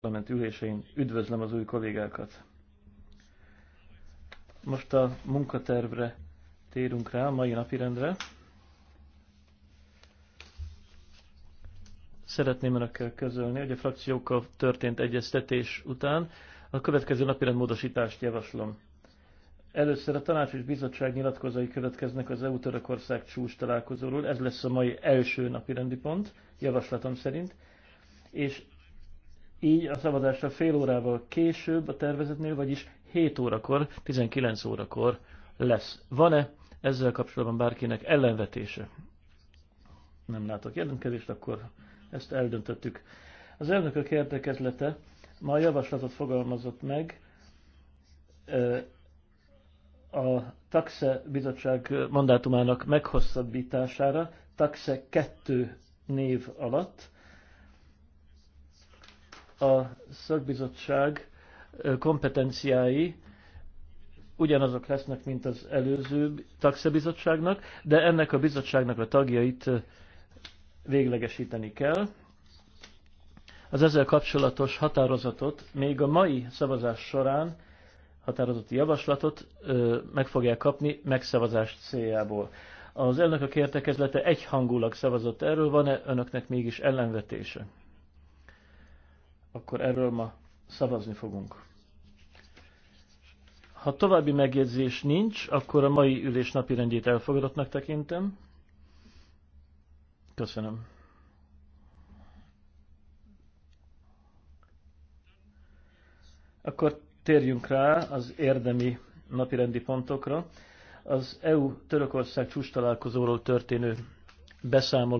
parlament ülésein üdvözlöm az új kollégákat. Most a munkatervre térünk rá, a mai napirendre. Szeretném önökkel közölni, hogy a frakciókkal történt egyeztetés után a következő napirend módosítást javaslom. Először a tanács és bizottság nyilatkozai következnek az EU-Törökország csúcs találkozóról. Ez lesz a mai első napirendi pont, javaslatom szerint. És így a szavazásra fél órával később a tervezetnél, vagyis 7 órakor, 19 órakor lesz. Van-e ezzel kapcsolatban bárkinek ellenvetése? Nem látok jelentkezést, akkor ezt eldöntöttük. Az elnökök érdekezlete ma a javaslatot fogalmazott meg a TAXE bizottság mandátumának meghosszabbítására, TAXE 2 név alatt, a szakbizottság kompetenciái ugyanazok lesznek, mint az előző tagszabizottságnak, de ennek a bizottságnak a tagjait véglegesíteni kell. Az ezzel kapcsolatos határozatot még a mai szavazás során határozati javaslatot ö, meg fogják kapni megszavazás céljából. Az a kértekezlete egyhangulag szavazott erről, van-e önöknek mégis ellenvetése? akkor erről ma szavazni fogunk. Ha további megjegyzés nincs, akkor a mai ülés napirendjét elfogadottnak tekintem. Köszönöm. Akkor térjünk rá az érdemi napirendi pontokra. Az EU-Törökország csúcs találkozóról történő beszámoló